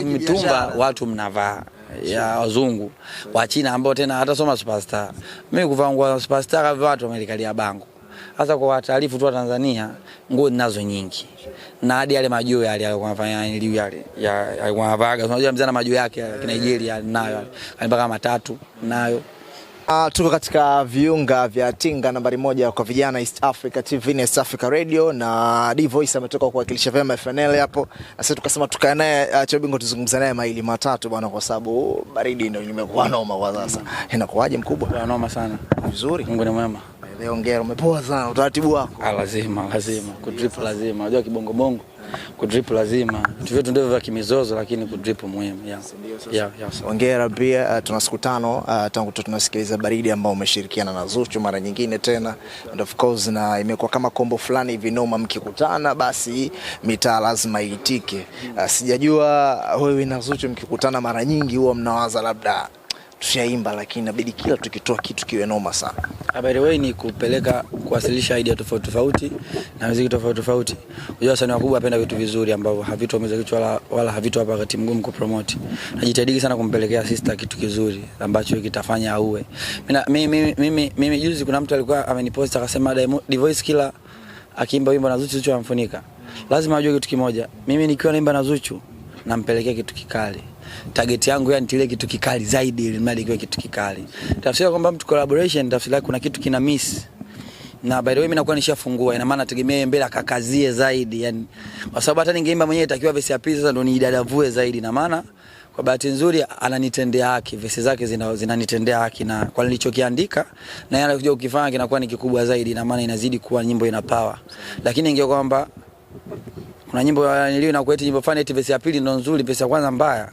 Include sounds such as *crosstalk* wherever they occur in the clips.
Mitumba watu mnavaa ya wazungu wa China ambao tena hata soma superstar. Mimi kuvaa nguo za superstar kwa watu wamelikalia bango. hasa kwa wataarifu tu wa Tanzania, nguo ninazo nyingi. Na hadi yale majoo yale aliyokuwafanya niliu yale ya alikuwa anavaga. Unajua mzee na majoho yake ya Nigeria nayo Alipaka yaani matatu nayo. Uh, tuko katika viunga vya Tinga nambari moja kwa vijana East Africa TV na East Africa Radio na D Voice ametoka kuwakilisha vyema FNL hapo. Sasa tukasema tukae naye uh, ah, Chobingo tuzungumza naye maili matatu bwana kwa sababu baridi ndio limekuwa noma kwa sasa. Inakuwaje mkubwa? Kwa noma sana. Vizuri. Mungu ni mwema. Leo ngero umepoa sana utaratibu wako. Ah, lazima lazima. Kutrip lazima. Unajua kibongo bongo kudrip lazima. Vitu vyetu ndivyo vya kimizozo, lakini kudrip muhimu. Yeah. Ongera pia uh, tuna siku tano uh, tangu tunasikiliza baridi ambao umeshirikiana na Zuchu mara nyingine tena and of course, na imekuwa kama kombo fulani hivi noma, mkikutana basi mitaa lazima iitike. Uh, sijajua wewe na Zuchu mkikutana mara nyingi huwa mnawaza labda tushaimba, lakini inabidi kila tukitoa kitu kiwe noma sana. By the ni kupeleka kuwasilisha idea tofauti tofauti na muziki tofauti tofauti. Unajua wasanii wakubwa wanapenda vitu vizuri ambavyo havitoumiza kichwa wala, wala havitu hapa wakati mgumu kupromote. Najitahidi sana kumpelekea sister kitu kizuri ambacho kitafanya aue. Mimi mimi mimi mimi juzi kuna mtu alikuwa ameniposta akasema Dvoice kila akiimba wimbo na Zuchu Zuchu anamfunika. Lazima ajue kitu kimoja. Mimi nikiwa naimba na Zuchu nampelekea kitu kikali target yangu yani ile kitu kikali zaidi, ili mradi kiwe kitu kikali. Tafsiri kwamba mtu collaboration, tafsiri kuna kitu kina miss na by the way mimi nakuwa nishafungua, ina maana tegemea mbele akakazie zaidi yani, kwa sababu hata ningeimba mwenyewe itakiwa verse ya pili sasa ndo nijidadavue zaidi, na maana kwa bahati nzuri ananitendea haki, vesi zake zinanitendea zina haki, na kwa nilichokiandika na yale kuja ukifanya kinakuwa ni kikubwa zaidi, na maana inazidi kuwa nyimbo ina power. Lakini ingekuwa kwamba kuna nyimbo nilio inakuwa eti nyimbo fani eti vesi ya pili ndo nzuri, vesi ya kwanza mbaya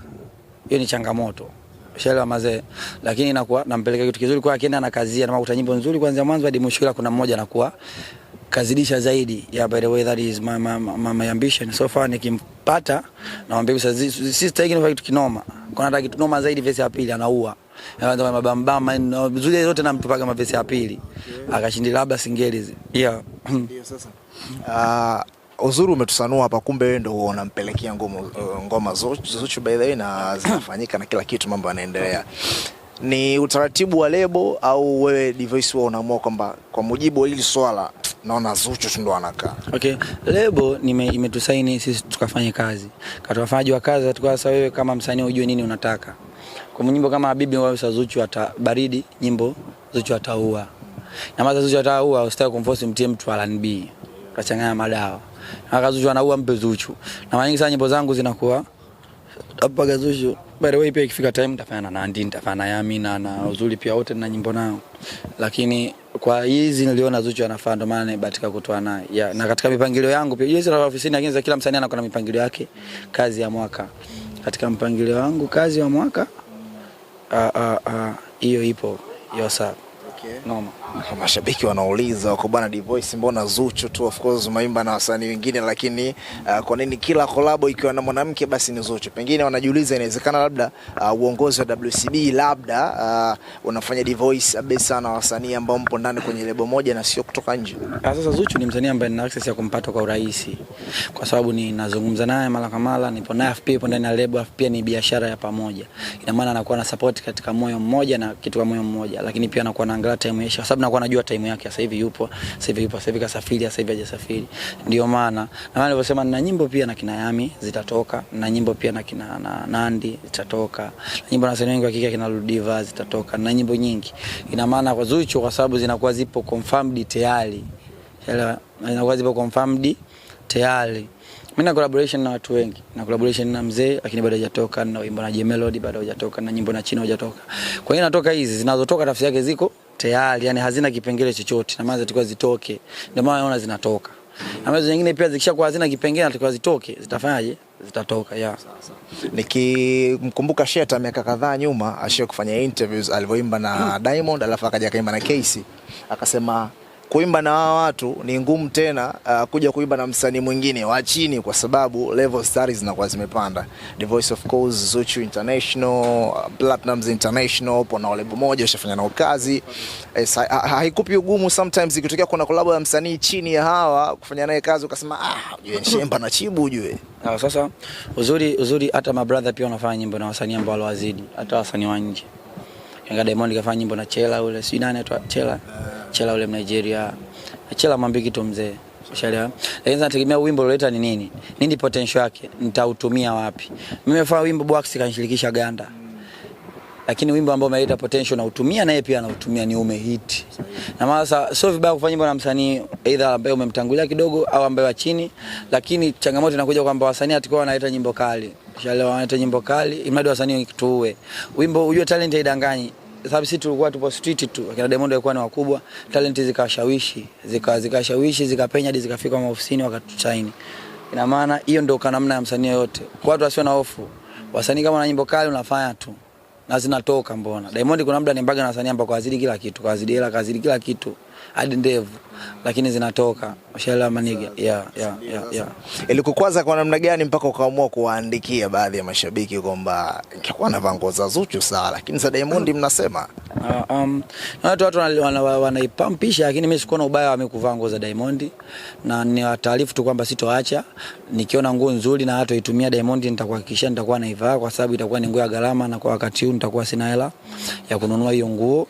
hiyo ni changamoto shela mazee, lakini inakuwa nampeleka kitu kizuri kwa akienda na kazi na makuta nyimbo nzuri kuanzia mwanzo hadi mwisho, ila kuna mmoja anakuwa kazidisha zaidi. ya Yeah, by the way that is my, my, my, my ambition so far. Nikimpata na mwambie sasa, sisi tayari tunafanya kitu kinoma, kwa nataka kitu noma zaidi. Vesi ya pili anaua anaanza ndio mabambama nzuri zote, nampipaga mavesi ya pili akashindi, labda singeli hizi. Yeah, ndio sasa uh, uzuri umetusanua hapa, kumbe wewe ndio unampelekea ngoma uh, ngoma Zuchu by the way, na zinafanyika na kila kitu, mambo yanaendelea. Ni utaratibu wa lebo au wewe Divoice wewe unaamua kwamba kwa mujibu wa hili swala naona Zuchu tu ndo anakaa. Okay, lebo imetusaini sisi tukafanye kazi, katufanya wa kazi tukao. Sasa wewe kama msanii ujue nini unataka kwa nyimbo kama Habibi wao, sasa Zuchu atabaridi nyimbo, Zuchu ataua na maza Zuchu ataua, usitaki kumforce mtie mtu R&B, kachanganya madawa akazuchu anaua mpe zuchu, na mara nyingi sana nyimbo zangu zinakuwa hapa kazuchu. By the way, pia ikifika time nitafanya na Nandi, nitafanya na Yami na na Uzuri pia, wote nina nyimbo nao, lakini kwa hizi niliona Zuchu anafaa, ndo maana nibatika kutoa naye yeah. Na katika mipangilio yangu pia hizi na ofisini, lakini za kila msanii anakuwa na mipangilio yake, kazi ya mwaka. Katika mpangilio wangu kazi ya mwaka ah, ah, ah, hiyo ipo yosa Okay. Mashabiki wanauliza wako bwana Voice, mbona Zuchu tu of course maimba na wasanii wengine lakini uh, kwa nini kila kolabo ikiwa na mwanamke basi ni Zuchu? Pengine wanajiuliza inawezekana labda uh, uongozi wa WCB labda uh, unafanya Voice abe sana wasanii ambao mpo ndani kwenye lebo moja na sio kutoka nje. Ah, sasa Zuchu ni msanii ambaye nina access ya kumpata kwa urahisi kwa sababu ninazungumza naye mara kwa mara, nipo naye FP ipo ndani ya lebo, FP ni biashara ya pamoja. Ina maana anakuwa na support katika moyo mmoja na kitu kwa moyo mmoja, lakini pia anakuwa na kuangalia time yake, sababu nakuwa najua time yake, sasa hivi yupo, sasa hivi yupo, sasa hivi kasafiri, sasa hivi hajasafiri. Ndio maana na maana nilivyosema, na nyimbo pia na kina Yami zitatoka, na nyimbo pia na kina na Nandi zitatoka, na nyimbo na wasanii wengi wa kike kina Ludiva zitatoka, na nyimbo nyingi. Ina maana kwa Zuchu, kwa sababu zinakuwa zipo confirmed tayari, elewa, zinakuwa zipo confirmed tayari mimi na collaboration na watu wengi, na collaboration na mzee lakini bado hajatoka, na wimbo na J Melody bado hajatoka, na nyimbo na Chino hajatoka. Kwa hiyo natoka hizi zinazotoka, tafsiri yake ziko tayari, yani hazina kipengele chochote, na maana zitakuwa zitoke. Ndio maana unaona zinatoka ambazo nyingine pia zikishakuwa hazina kipengele zitakuwa zitoke, zitafanyaje? Zitatoka ya. Nikimkumbuka Sheta miaka kadhaa nyuma ashia kufanya interviews alivyoimba na Diamond alafu akaja akaimba na Casey akasema kuimba na hawa watu ni ngumu tena uh, kuja kuimba na msanii mwingine wa chini, kwa sababu level stars zinakuwa zimepanda. The Voice of course, Zuchu International, uh, Platinumz International, upo na lebo moja ushafanya nao kazi yes, eh, ha ha haikupi ugumu sometimes ikitokea kuna collab ya msanii chini ya hawa kufanya naye kazi ukasema, ah, ujue Nshemba na Chibu ujue ah, sasa uzuri uzuri, hata mabrother pia wanafanya nyimbo na wasanii ambao wazidi hata wasanii wa nje nika Diamond kafanya nyimbo na Chela ule, si nani atwa Chela Chela ule Nigeria Chela mwambie kitu mzee, ushaelewa. Lakini nategemea wimbo uleta ni nini nini, potential yake nitautumia wapi? Mimi nimefanya wimbo Box kanishirikisha Ganda, lakini wimbo ambao umeleta potential na utumia na yeye pia anautumia ni umehit. Na maana sasa sio vibaya kufanya wimbo na msanii either ambaye umemtangulia kidogo au ambaye wa chini, lakini changamoto inakuja kwamba wasanii atakuwa wanaleta nyimbo kali, ushaelewa, wanaleta nyimbo kali, imradi wasanii wakituue. wimbo, ujue talent haidanganyi sababu sisi tulikuwa tupo street tu, akina Diamond walikuwa ni wakubwa, talent zikashawishi zikawashawishi zikapenya hadi zikafika maofisini wakatuchaini. Ina maana hiyo ndio namna ya msanii yote, kwa watu wasio na hofu. Wasanii kama na nyimbo kali unafanya tu na zinatoka mbona. Diamond kuna muda nimbaga na wasanii ambao kawazidi kila kitu, kawazidi hela, kazidi kila kitu hadi ndevu, lakini zinatoka. Ushaelewa maniga? Yeah, yeah, yeah, yeah. Ilikukwaza kwa namna gani mpaka ukaamua kuwaandikia baadhi ya mashabiki kwamba ningekuwa navaa nguo za Zuchu sawa, lakini za Diamond mnasema Uh, um, watu watu wanaipampisha lakini mimi sikuona ubaya kuvaa nguo za Diamond na ni wataarifu tu kwamba sitoacha. Nikiona nguo nzuri na hata itumia Diamond nitakuhakikishia nitakuwa naivaa kwa sababu itakuwa ni nguo ya gharama na kwa wakati huu nitakuwa sina hela ya kununua hiyo nguo.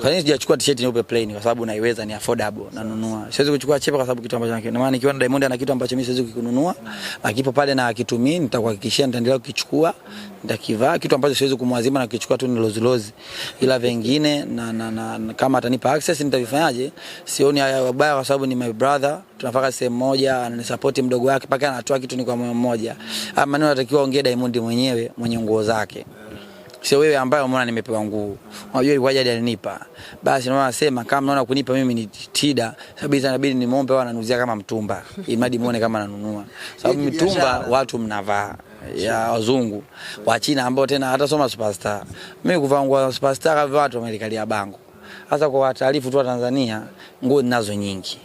Kwa nini sijachukua t-shirt nyeupe plain? Kwa sababu naiweza, ni affordable, nanunua. Siwezi kuchukua chepa kwa sababu kitu ambacho nakiona. Maana nikiona Diamond ana kitu ambacho mimi siwezi kukinunua, mm. akipo pale na akitumii, nitakuhakikishia nitaendelea kukichukua, nitakivaa. Kitu ambacho siwezi kumwazima na kukichukua tu ni lozi lozi. Ila vingine na, na, na na, kama atanipa access nitavifanyaje? Sioni haya mabaya kwa sababu ni my brother, tunafaka sehemu moja, ananisupport mdogo wake mpaka anatoa kitu ni kwa moyo mmoja. Ama ah, maneno anatakiwa ongea Diamond mwenyewe mwenye nguo zake sio wewe ambaye umeona nimepewa nguo, unajua ilikuwa jadi alinipa. Basi naona nasema kama naona kunipa mimi ni tida, sababu inabidi nimuombe au ananuzia kama mtumba, Imadi muone kama ananunua, sababu yaani mtumba watu mnavaa ya wazungu wa China ambao tena hata soma superstar. Mimi kuvaa nguo za superstar kwa watu wamelikalia bango. Hasa kwa taarifu tu wa Tanzania, nguo ninazo nyingi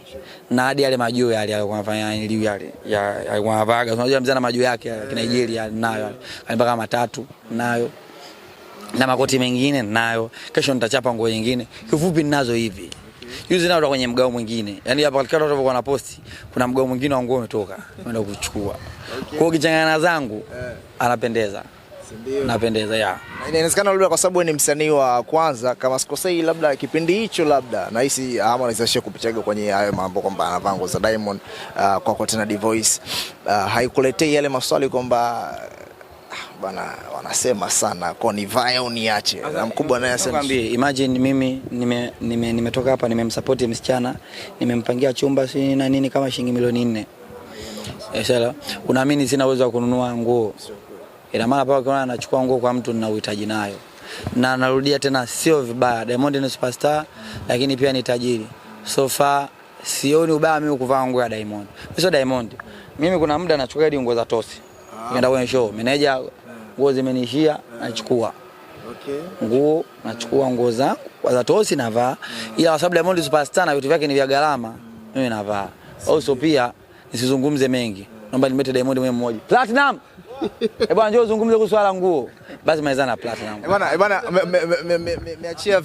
na hadi yale majoo yale yale kwafanya ili yale ya alikuwa anavaga, unajua mzee na majo yake ya Nigeria nayo, alipaka matatu nayo na makoti mengine nayo, kesho nitachapa nguo nyingine. Kifupi ninazo hivi. Juzi nao kwenye mgao mwingine. Yaani hapa katika watu wako na posti, kuna mgao mwingine wa nguo umetoka. Naenda kuchukua. Kwa hiyo kichangana zangu eh. anapendeza. Napendeza ya. Inawezekana labda kwa sababu ni msanii wa kwanza kama sikosei, labda kipindi hicho, labda nahisi ama ashia kupichaga kwenye hayo mambo kwamba anavaa nguo za Diamond uh, kwako tena D Voice uh, ah, haikuletei yale maswali kwamba Ah, bana, wanasema sana konivae au niache. Na mkubwa naye anasema imagine mimi nimetoka nime, nime hapa nimemsupport msichana nimempangia chumba si na nini kama shilingi milioni nne eh, sala unaamini sina uwezo wa kununua nguo? Ina maana pale ukiona anachukua nguo kwa mtu nina uhitaji nayo, na narudia tena, sio vibaya, Diamond ni superstar, lakini pia ni tajiri. So far sioni ubaya mimi kuvaa nguo ya Diamond, sio Diamond. Mimi kuna muda nachukua hadi nguo za tosi nikaenda kwenye show, meneja nguo zimenishia nachukua okay. nguo nachukua nguo zangu za Tosi navaa, ila kwa sababu Diamond Superstar na vitu vyake ni vya gharama, mimi navaa. Also pia nisizungumze mengi, naomba nimete Diamond mmoja Platinum Eh bwana, njoo uzungumze kuhusu swala nguo. Basi maliza na yangu. Eh bwana, eh bwana meachia eh,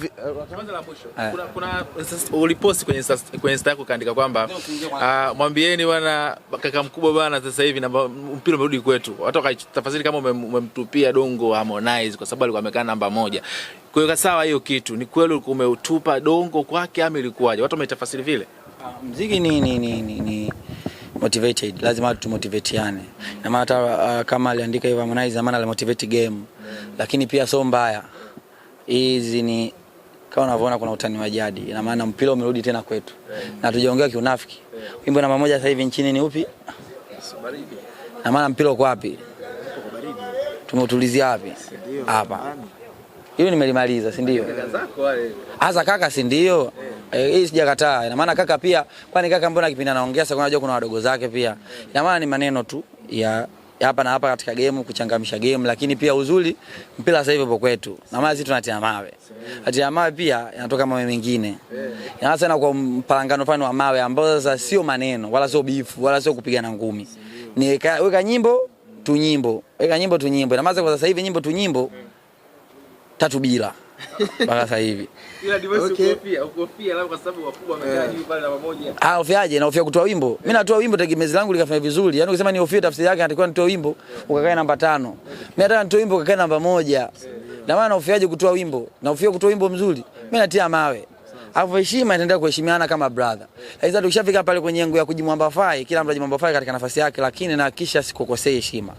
kwanza la mwisho. Eh. Kuna kuna ulipost kwenye kwenye Insta yako kaandika kwamba ah, mwambieni bwana kaka mkubwa bwana sasa hivi na mpira umerudi kwetu. Watu wakatafasiri kama umemtupia dongo Harmonize kwa sababu alikuwa amekaa namba moja. Kwa hiyo sawa, hiyo kitu ni kweli, umeutupa dongo kwake ama ilikuwaje? Watu wametafasiri vile. Ah, mziki ni ni ni, ni, ni motivated, lazima watu tumotivatiane. Na maana hata uh, kama aliandika hivyo Harmonize, maana motivate game, lakini pia sio mbaya. Hizi ni kama unavyoona kuna utani wa jadi, ina maana mpira umerudi tena kwetu na tujaongea kiunafiki. Wimbo namba moja sasa hivi nchini ni upi? Na maana mpira uko wapi? Tumeutulizia wapi? Hapa. Hiyo nimelimaliza, si ndio? Hasa kaka, si ndio? Eh. Eh, hii e, sijakataa. Ina maana kaka pia, kwani kaka mbona kipindi anaongea sasa unajua kuna wadogo zake pia. Ina maana ni maneno tu ya hapa na hapa katika game kuchangamsha game, lakini pia uzuri mpira sasa hivi upo kwetu, na maana sisi tunatia mawe, atia mawe pia yanatoka mawe mengine, yanaanza na kwa mpangano fulani wa mawe ambao sasa sio maneno wala sio bifu wala sio kupigana ngumi, ni weka, weka nyimbo tu nyimbo, weka nyimbo tu nyimbo. Ina maana kwa sasa hivi nyimbo tu nyimbo tatu bila *laughs* mpaka sasa hivi. Ila divorce okay. Ukofia, ukofia labda kwa sababu wakubwa wamekaa juu pale na pamoja. Ah, ufiaje na ufia kutoa wimbo? Yeah. Mimi natoa wimbo tegemezi langu likafanya vizuri. Yaani ukisema ni ufia tafsiri yake natakiwa nitoe wimbo yeah. ukakae namba tano. Mimi nataka nitoe wimbo ukakae namba moja. Na maana ufiaje kutoa wimbo? Na ufia kutoa wimbo mzuri. yeah. Mimi natia mawe. Alafu heshima itaendelea kuheshimiana kama brother. Lakini sasa tukishafika pale kwenye ngo ya kujimwambafai, kila mtu ajimwambafai katika nafasi yake, lakini nahakikisha sikukosei heshima.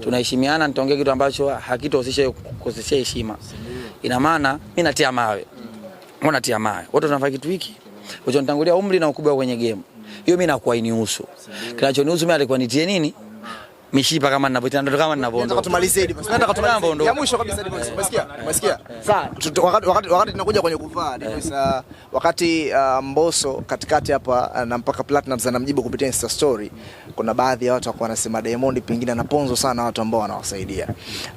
Tunaheshimiana, nitaongea kitu ambacho hakitohusisha kukosesha heshima ina maana mimi natia mawe. Mbona natia mawe? Wote tunafanya kitu hiki. Ulichonitangulia umri na ukubwa kwenye game. Hiyo mimi nakuwa inihusu. Kinachonihusu mimi alikuwa nitie nini? mishipa kama ninavyotia ndo kama ninavyoondoka. Nataka tumalize hili basi. Nataka tumalize hili. Ya mwisho kabisa hili basi. Umesikia? Eh. Umesikia? Sawa. Wakati wakati wakati tunakuja kwenye kuvaa sasa eh. wakati uh, Mbosso katikati hapa uh, na mpaka Platinum mjibu kupitia Insta story, kuna baadhi ya watu walikuwa wanasema Diamond pengine anaponzo sana watu ambao wanawasaidia.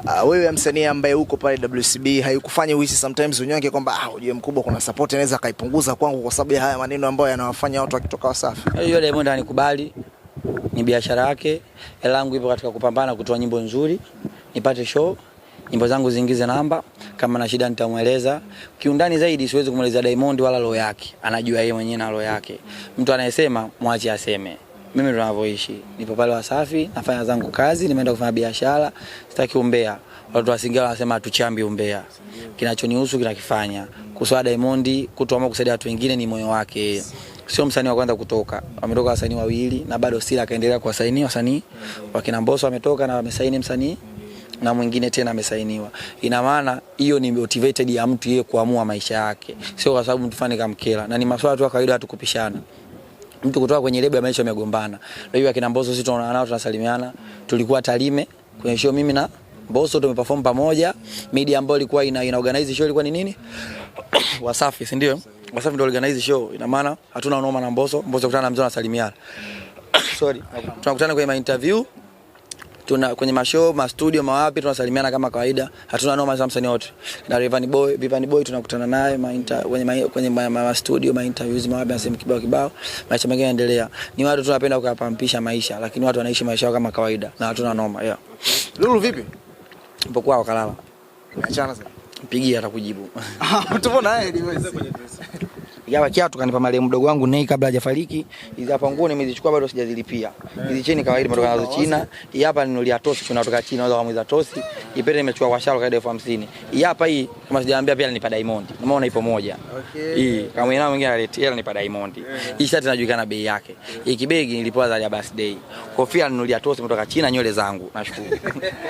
Uh, wewe msanii ambaye uko pale WCB haikufanya uhisi sometimes unyonge kwamba ah, ujue mkubwa kuna support anaweza kaipunguza kwangu kwa sababu ya haya maneno ambayo yanawafanya watu wakitoka Wasafi. Eh, hiyo Diamond anikubali ni biashara yake. Hela yangu ipo katika kupambana kutoa nyimbo nzuri, nipate show, nyimbo zangu ziingize namba. Kama na shida nitamweleza kiundani zaidi, siwezi kumweleza Diamond wala roho yake, anajua yeye mwenyewe na roho yake. Mtu anayesema mwache aseme. Mimi tunavyoishi nipo pale Wasafi, nafanya zangu kazi, nimeenda kufanya biashara, sitaki umbea. Watu wa Singeli wanasema tuchambi umbea, kinachonihusu kinakifanya. Kuswa Diamond kutoa kusaidia watu wengine ni moyo wake sio msanii wa kwanza kutoka, ametoka wasanii wawili na bado Sila akaendelea kuwasaini wasanii. Wakina Mboso ametoka na wamesaini msanii na mwingine tena amesainiwa. Ina maana hiyo ni motivated ya mtu yeye kuamua maisha yake, sio kwa sababu mtu fani kamkela, na ni maswala tu ya kawaida, hatukupishana mtu kutoka kwenye lebo ya maisha amegombana. Leo hivi akina Mboso sisi tunaona nao tunasalimiana, tulikuwa Tarime kwenye show mimi na Mboso tumeperform pamoja. Media ambayo ilikuwa ina, ina organize show ilikuwa ni nini? *coughs* Wasafi, si ndio? kwa sababu ndio organize show, ina maana hatuna noma na Mbosso. Mbosso kutana na Mzee na salimiana *coughs* sorry, tunakutana kwenye interview tuna kwenye mashow ma studio mawapi, tunasalimiana kama kawaida, hatuna noma za msanii wote. Na Rivani Boy, Rivani Boy tunakutana naye ma kwenye ma, kwenye ma, ma studio ma interviews mawapi, anasema kibao kibao, maisha mengine yanaendelea. Ni watu tunapenda kuyapampisha maisha, lakini watu wanaishi maisha yao kama kawaida na hatuna noma yeah. Lulu vipi? Mpokuwa wakalala. Achana sasa. Pigia atakujibu. *laughs* Ah, Tupo naye liwezi. Yawa kiatu kanipa malemu mdogo wangu Nei kabla hajafariki. Hizi hapa nguo nimezichukua bado sijazilipia. Eh. Hizi cheni kawaida kutoka nazo China. Hii hapa ninulia tosi kuna kutoka China naweza kumwiza tosi. Ipende nimechukua kwa shalo kaida elfu hamsini. Hii hapa hii kama sijaambia pia nipa Diamond. Umeona ipo moja. Okay. Hii kama mwenyewe mwingine aletea hela nipa Diamond. Eh. Hii shati inajulikana bei yake. Hii kibegi nilipewa za birthday. Kofia ninulia tosi kutoka China nywele zangu. Nashukuru. *laughs*